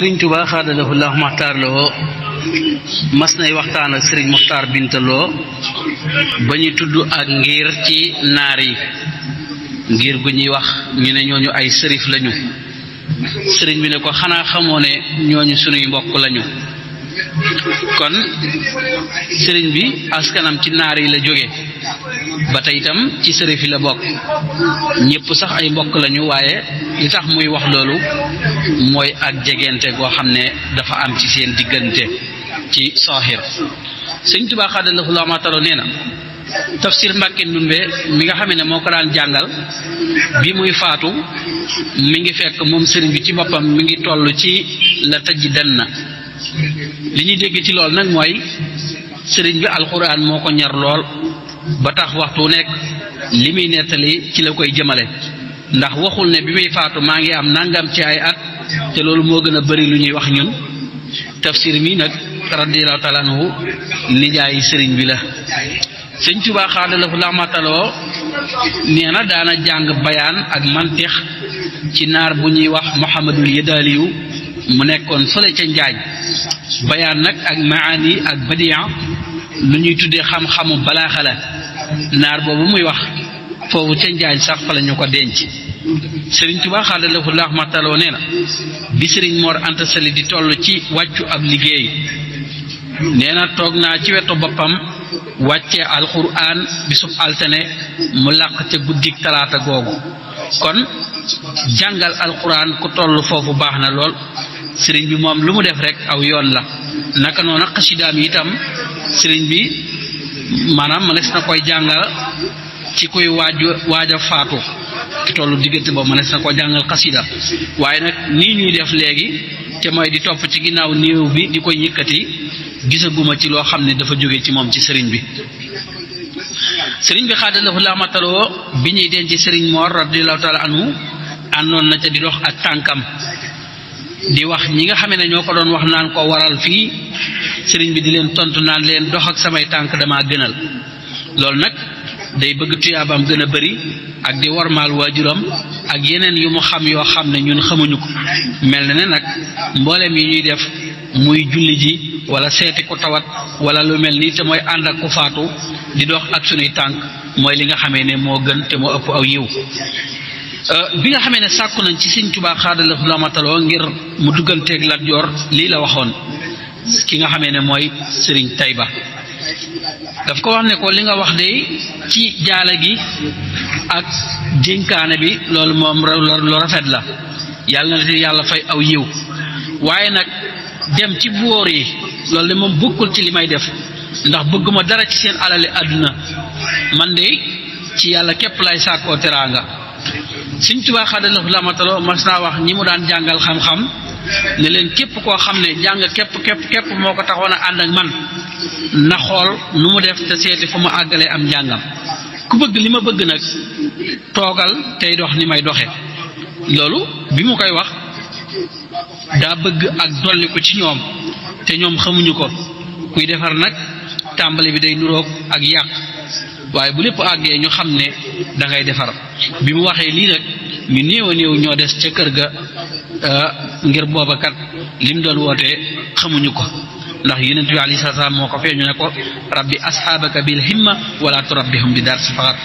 sëriñ tubaa xaadalahu laahu maxtaar loo mas nay waxtaan ak sëriñ maxtaar bintaloo ba ñu tudd ak ngir ci naar yi ngir gu ñuy wax ñu ne ñooñu ay sërif lañu sëriñ bi ne ko xanaa xamoo ne ñooñu sunuy mbokk lañu kon sëriñ bi askanam ci naar yi la jóge ba tey itam ci sërif yi la bokk ñëpp sax ay bokk lañu waaye li tax muy wax loolu mooy ak jegente goo xam ne dafa am ci seen diggante ci sooxir sëñ Tuubaa xaadalahu lama taro nee na tafsir Mbàkke Ndumbe mi nga xame ne moo ko daan jàngal bi muy faatu mi ngi fekk moom sëriñ bi ci boppam mi ngi toll ci la tëj den na li ñuy dégg ci lool nag mooy sëriñ bi alxuraan moo ko ñar lool ba tax waxtu nekk li muy nettali ci la koy jëmale ndax waxul ne bi muy faatu maa ngi am nangam ci ay at te loolu moo gën a bari lu ñuy wax ñun tafsir mi nag radiallahu taala nijaayi sëriñ bi la sëñ Tuubaa xaadalafu lamataloo nee na daana jàng bayaan ak mantix ci naar bu ñuy wax Muhammadul Yadaaliyu mu nekkoon fële ca njaaj bayaan nag ak maani ak badian lu ñuy tuddee xam-xamu balaaxa naar boobu muy wax foofu ca njaaj sax fa ñu ko denc sëriñ Tuubaa xaala lahu lahmataloo nee na bi sëriñ Mor Anta Sali di toll ci wàccu ab liggéey nee na toog naa ci wetu boppam wàccee alquran bisub altane mu làq ca guddik talaata googu kon jàngal alquran ku toll foofu baax na lool sëriñ bi moom lu mu def rek aw yoon la naka noonu xasidaam itam sëriñ bi maanaam mënees na koy jàngal ci koy waaju waaj a faatu ki tollu diggante ba mënees na ko jàngal xasida waaye nag nii ñuy def léegi te mooy di topp ci ginnaaw néew bi di koy yëkkati gisaguma ci loo xam ne dafa jóge ci moom ci sëriñ bi sëriñ bi xaadalahu la mataloo bi ñuy denc sëriñ moor radiyallahu taala anhu àndoon na ca di dox ak tànkam di wax ñi nga xamee ne ñoo ko doon wax naan ko waral fii sëriñ bi di leen tontu naan leen dox ak samay tànk damaa gënal loolu nag day bëgg tuyaabam gën a bari ak di warmaal waajuram ak yeneen yu mu xam yoo xam ne ñun xamuñu ko mel na ne nag mboolem yi ñuy def muy julli ji wala seeti ku tawat wala lu mel nii te mooy ànd ak ku di dox ak sunuy tànk mooy li nga xamee ne moo gën te moo ëpp aw yiw Euh, bi nga xamee ne sàkku nañ ci sëñ Tuubaa xaadalahu mataloo ngir mu dugganteeg Lat Joor lii la waxoon ki nga xamee ne mooy sëriñ Tayba daf ko wax ne ko li nga wax de ci jaala gi ak dénkaane bi loolu moom lu rafet la yàlla na yàlla fay aw yiw waaye nag dem ci boor yi loolu de moom bokkul ci li may def ndax bëgguma dara ci seen alali àdduna man de ci yàlla képp lay sàkkoo teraanga Sëñ Tuubaa xaadalaf lamatalo mas naa wax ñi mu daan jàngal xam-xam ne leen képp koo xam ne jàng képp képp képp moo ko taxoon a ànd ak man na xool nu mu def te seeti fu mu àggalee am njàngam ku bëgg li ma bëgg nag toogal tey dox ni may doxe loolu bi mu koy wax daa bëgg ak dolli ci ñoom te ñoom xamuñu ko kuy defar nag tàmbali bi day nuroog ak yàq waye bu lepp agge ñu xamne da ngay defar bi mu waxe li nak ñu neew neew ño dess ci kër ga ah, ngir boba kat lim doon wote xamuñu ko ndax yonent bi alayhi salaam moo ko feeñu ne ko rabbi ashabaka bil himma wala turabbihum bi dar safaxat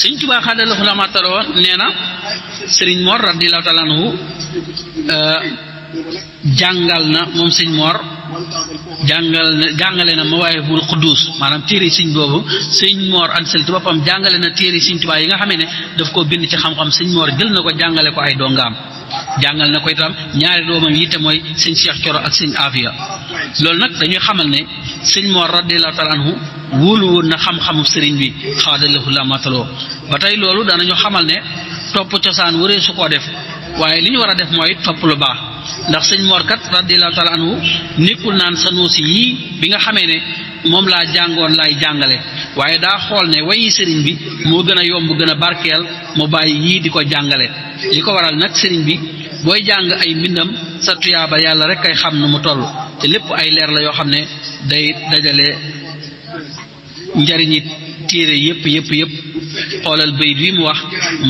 sëñ tubaa xaadal xulama taloo nee na sëriñ mor radiallahu taala euh ah, jangal na mom sëñ mor jàngal na jàngale na mawaahibul quddus maanaam téere sëñ boobu sëñ moor ansel ci boppam jàngale na téere sëñ Tuubaa yi nga xamee ne daf koo bind ci xam-xam sëñ moor jël na ko jàngale ko ay dongaam jàngal na ko itam ñaari doomam yi te mooy sëñ Cheikh Coro ak sëñ Afia loolu nag dañuy xamal ne sëñ moor radiyallaahu taala anhu wóolu woon na xam-xamu sëriñ bi xaadalahu la mataloo ba tey loolu dana danañu xamal ne topp cosaan waree su koo def waaye li ñu war a def mooy topp lu ndax sëñ morkat radiallahu taala anhu nekkul naan sanuusi yii bi nga xamee ne moom laa jàngoon laay jàngale waaye daa xool ne wayi sëriñ bi moo gën a yomb gën a barkeel mu bàyyi yii di ko jàngale li ko waral nag sëriñ bi booy jàng ay mbindam sa tuyaaba yàlla rek ay xam nu mu toll te lépp ay leer la yoo xam ne day dajale njariñ njariñit téere yépp yépp yépp xoolal bayit wi mu wax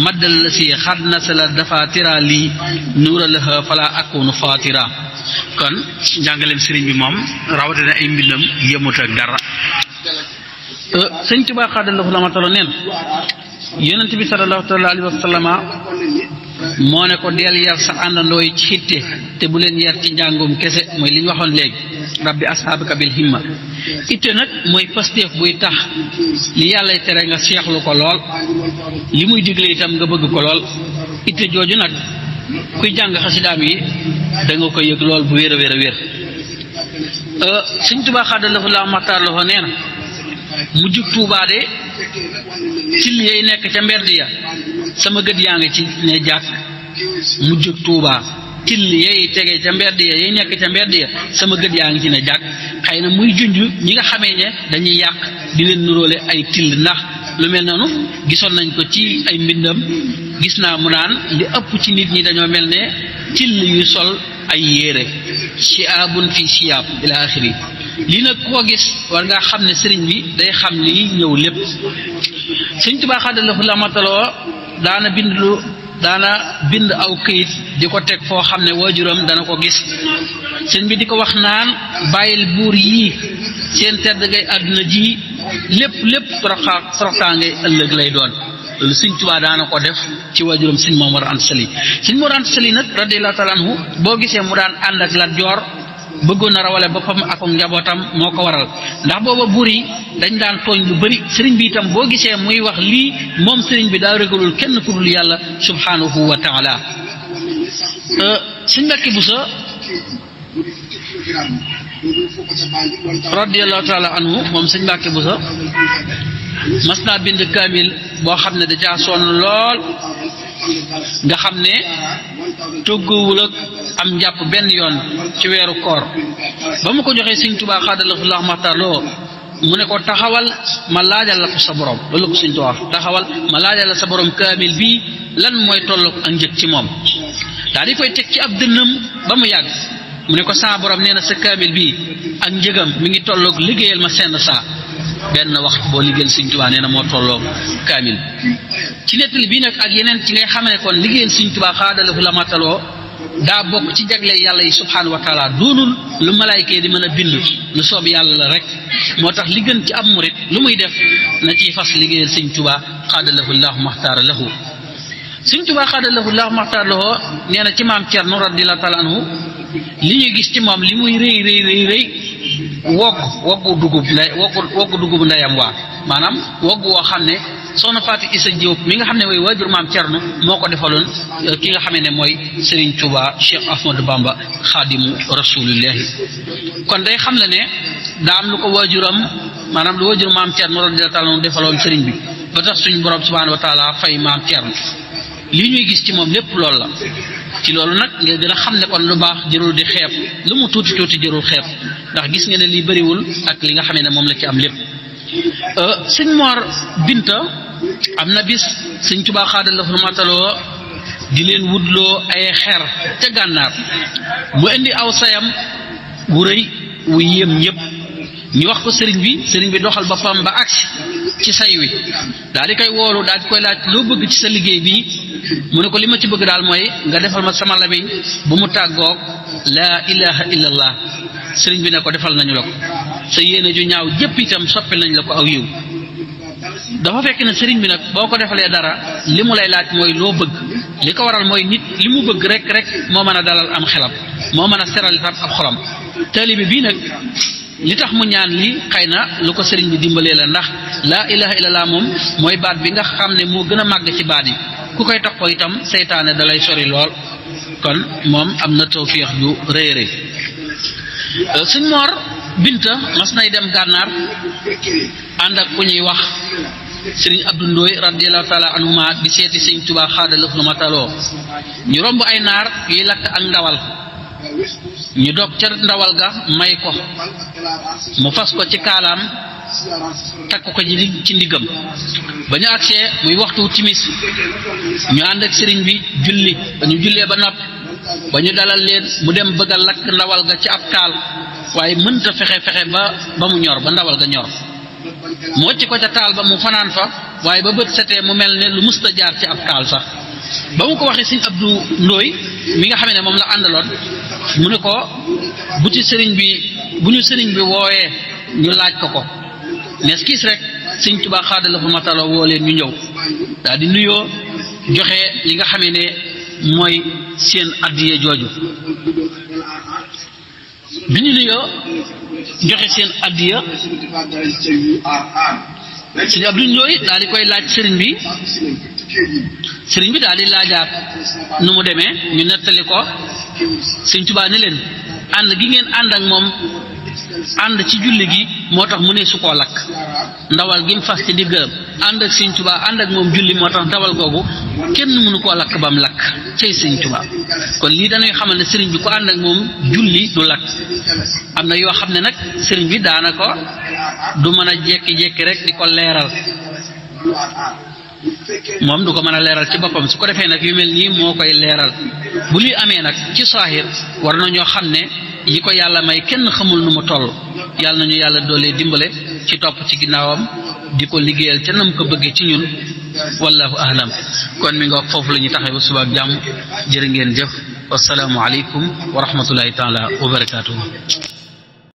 maddal la si xad nasala dafa tira lii nuuralaha fala akunu fatira kon njàngaleem sëriñ bi moom rawatina ay mbindam yëmut ak dara sëñ Tuubaa xaadal la fu la ma tolo neen yonent bi sallallahu taala alayhi wa sallama moo ne ko del yar sa àndandoo yi e xitte te bu leen yar ci njàngum kese mooy li ñu waxoon léegi rabbi ashabaka bil himma itte nag mooy pasteef buy tax li yàllay tere nga seexlu ko lool li muy digle itam nga bëgg ko lool itte jooju nag kuy jàng xasidaam yi da nga ko yëg lool bu wér a wér a wér euh, sëñ tubaa xaadalahu laa maxtaar la nee na mu jug tuubaa de till yay nekk ca mberd ya sama gët yaa ngi ci ne jàkk mu jóg tuubaa till yey tege ca mbedd ya yey nekk ca mbedd ya sama gët yaa ngi ci ne jàkk xëy na muy junj ñi nga xame ne dañuy yàq di leen nuróole ay till ndax lu mel noonu gisoon nañ ko ci ay mbindam gis naa mu naan li ëpp ci nit ñi dañoo mel ne till yu sol ay yére siyaabun fi siyaab ila axiri lii nag koo gis war ngaa xam ne sëriñ bi day xam lii ñëw lépp sëñ Tuubaa xaddalafu la mataloo daana bind lu daana bind aw këyit di ko teg foo xam ne waajuram dana ko gis sëñ bi di ko wax naan bàyyil buur yii seen tedd ngay àdduna ji lépp lépp toroxaa toroxtaa ngay ëllëg lay doon loolu sëñ Tuubaa daana ko def ci waajuram sëñ Maam Mor Anta Sali sëñ Mor Anta Sali nag radiyallaahu boo gisee mu daan ànd ak Lat Joor bëggoon a rawale boppam ak njabootam moo ko waral ndax booba buur yi dañ daan tooñ lu bari sëriñ bi itam boo gisee muy wax lii moom sëriñ bi daa régalul kenn ku yàlla subhanahu wa taala euh, suñ mbakki bu sa radiallahu taala anhu moom sëñ mbàkke bu sa mas bind kaamil boo xam ne da caa lool nga xam ne toggoowul ak am njàpp benn yoon ci weeru koor ba mu ko joxee sëñ tubaa xaadalafullah maxtarloo mu ne ko taxawal ma laajal la ko sa borom loolu la taxawal ma laajal la sa borom kaamil bi lan mooy tollu ak njëg ci moom daal di koy teg ci ab dënnam ba mu yàgg mu ne ko saa borom nee na sa kaamil bii ak njëgam mi ngi tolloog liggéeyal ma senn saa ben wax bo liggéeyal seigne touba neena mo tolo kamil ci netul bi nak ak yenen ci ngay xamee kon liggéeyal seigne touba khadalahu la mataloo da bok ci jagle yàlla yi subhanahu wa taala dunul lu malaike di meuna bind lu soob yàlla rek motax li gën ci am mourid lu muy def na ci fas liggéeyal seigne touba khadalahu allah muhtar lahu seigne touba khadalahu allah muhtar lahu neena ci mam Cerno radiallahu taala anhu li ñu gis ci moom li muy reey reey reey rëy wogg woggu dugub nday woggu dugub ndeyam waa maanaam woggu woo xam ne soxna Fatou Issa Diop mi nga xam ne mooy waajur maam Cerno moo ko defaloon euh, ki nga xamee ne mooy Serigne Touba Cheikh Ahmadou Bamba xaadimu rasulillahi kon day xam la ne daa am lu ko waajuram maanaam lu waajur maam Cerno radiyallahu taala defaloon Serigne bi ba tax suñ borom subhanahu wa taala fay maam Cerno li ñuy gis ci moom lépp loolu la ci loolu nag nga gën a xam ne kon lu baax jërul di xeeb lu mu tuuti tuuti jërul xeeb ndax gis nga ne li bëriwul ak li nga xamee ne moom la ci am lépp euh, sëñ Mor Binta am na bis sëñ Tuubaa xaadal la mataloo di leen wutloo ay xer ca gànnaar mu indi aw sayam wu rëy wu ñu wax ko sëriñ bi sëriñ bi doxal boppam ba agsi ci say wi daal di koy woolu daal di koy laaj loo bëgg ci sa liggéey bi mu ne ko li ma ci bëgg daal mooy nga defal ma sama lamiñ bu mu tàggoog laa ilaha illallah sëriñ bi nag ko defal nañu la ko sa yéene ju ñaaw jëpp itam soppi nañ la ko aw yiw dafa fekk ne sëriñ bi nag boo ko defalee dara li mu lay laaj mooy loo bëgg li ko waral mooy nit li mu bëgg rek rek moo mën a dalal am xelam moo mën a seral itam ab li tax mu ñaan li xëy lu ko sëriñ bi dimbalé la ndax la ilaha illallah mom moy baat bi nga xamné mo gëna mag ci baat yi ku koy ko itam seytaane da lay sori lool kon mom amna tawfiq ju reey rëy euh, suñ binta mas nay dem gànnaar and ak ku ñuy wax sëriñ abdou ndoy radiyallahu taala ma di séti sëñ touba xaadalëf ma ñu rombu ay nar yi lak ak ndawal ñu dog ca ndawal ga may ko mu fas ko ci kaalaam takk ko ji ci ndiggam ba ñu agsee muy waxtu timis ñu ànd ak sëriñ bi julli ba ñu jullee ba noppi ba ñu dalal leen mu dem bëgg a lakk ndawal ga ci ab kaal waaye mënta fexe fexe ba ba mu ñor ba ndawal ga ñor mu wacc ko ca taal ba mu fanaan fa waaye ba bët setee mu mel ne lu musta jaar ci ab kaal sax ba mu ko waxee sëñ Abdu Ndooy mi nga xame ne moom la àndaloon mu ne ko bu ci sëriñ bi bu ñu sëriñ bi wooyee ñu laaj ko ko nes kiis rek sëñ Tuubaa xaadala fu mataloo woo leen ñu ñëw daal di nuyoo joxe li nga xamee ne mooy seen addiye jooju bi ñu nuyoo joxe seen addiya sëñ Abdu Ndooy daal di koy laaj sëriñ bi sëriñ bi daal di laajaat nu mu demee ñu nettali ko sëñ Tuubaa ne leen ànd gi ngeen ànd ak moom ànd ci julli gi moo tax mu ne su koo lakk ndawal gi mu fas ci diggalam ànd ak sëñ Tuubaa ànd ak moom julli moo tax ndawal googu kenn mënu koo lakk ba mu lakk cay sëñ Tuubaa kon lii dañuy xamal ne sëriñ bi ku ànd ak moom julli du lakk am na yoo xam ne nag sëriñ bi daana ko du mën a jekki-jekki rek di ko leeral moom du ko mën a leeral ci boppam su ko defee nag yu mel nii moo koy leeral bu li amee nag ci saahir war na ñoo xam ne yi ko yàlla may kenn xamul nu mu toll yàlla nañu yàlla doolee dimbale ci topp ci ginnaawam di ko liggéeyal ca nam ko bëggee ci ñun wallahu ahlam kon mi nga foofu la ñuy taxee ba subaak jàmm jërë ngeen jëf wasalaamu aleykum wa rahmatullahi taala wa barakatuhu